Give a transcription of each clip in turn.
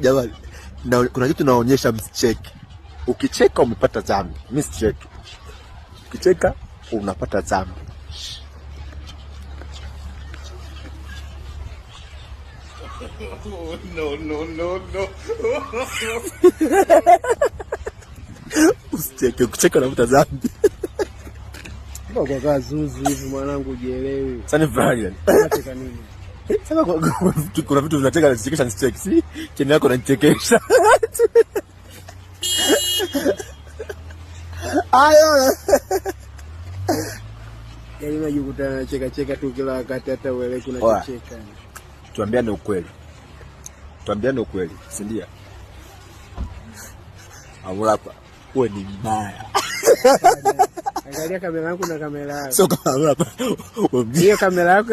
jamani, kuna kitu naonyesha, msicheki. Ukicheka umepata dhambi, mimi Ukicheka unapata dhambi. No, no, no, no. Usicheke, ukicheka unapata dhambi. Mwanangu, jielewi. Sasa Brian. Unacheka nini? Sema kuna vitu vinateka na ni cheki. Si cheni yako nanichekesha. Ayo. Yaani unajikuta na cheka cheka tu kila wakati hata uelewe kuna cheka. Tuambiane ukweli. Tuambiane ukweli, si ndio? Amulapa, uwe ni mbaya. Angalia kamera yangu na kamera yako. Sio kamera hapa. Hiyo kamera yako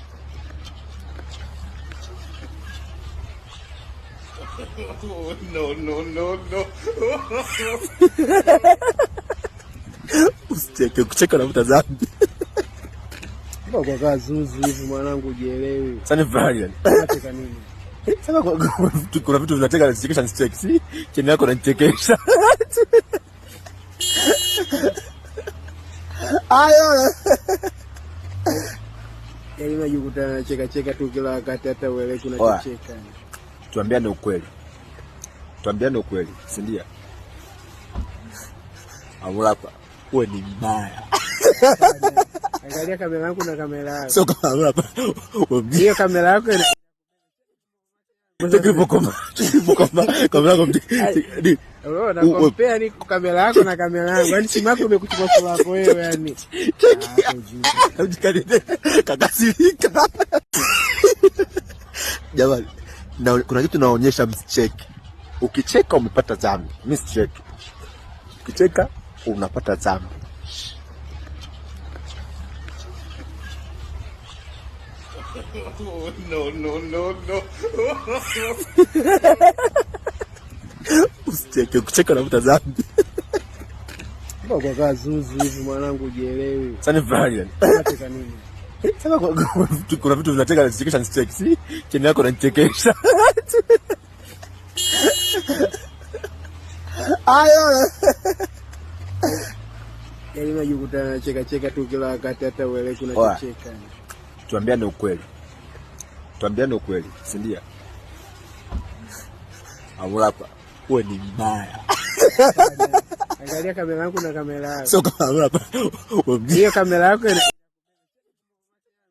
Oh, no, no, no, no. Usicheke, kucheka na mta zambi. Kwa kaa zuzu hivi mwanangu ujielewi. Sani vali yani. Unacheka nini? Sasa kuna vitu vinateka na sichekesha nisicheke. Si? Chemi yako na unanichekesha. Ayo. Yaani unajikutana na cheka cheka tu kila wakati hata uelewi kuna cheka. Tuambia ni ukweli tuambiane ukweli, si ndio? Amulapa uwe ni mbaya. Angalia kamera yangu na kamera yako. Sio kama Amulapa. Hiyo kamera yako ina kamera yako Wewe na ni kamera yako na kamera yangu, Yaani simu yako imekuchukua sura yako wewe, yani ah, kakasirika jamani, kuna kitu naonyesha, mcheki. Ukicheka umepata dhambi. Mimi sicheki. Ukicheka unapata dhambi. No, no, no, no. Usicheke, ukicheka unapata dhambi. Kwa kwa mwanangu ni kuna vitu vinateka na nisicheki. Chini yako unanichekesha. Ayo. Yaani unajikuta na cheka cheka tu kila wakati hata wewe kuna cheka. Tuambiane ukweli. Tuambiane ukweli, si ndio? Amulapa, wewe ni mbaya. Angalia kamera yangu na kamera yako. Sio kamera. Hiyo kamera yako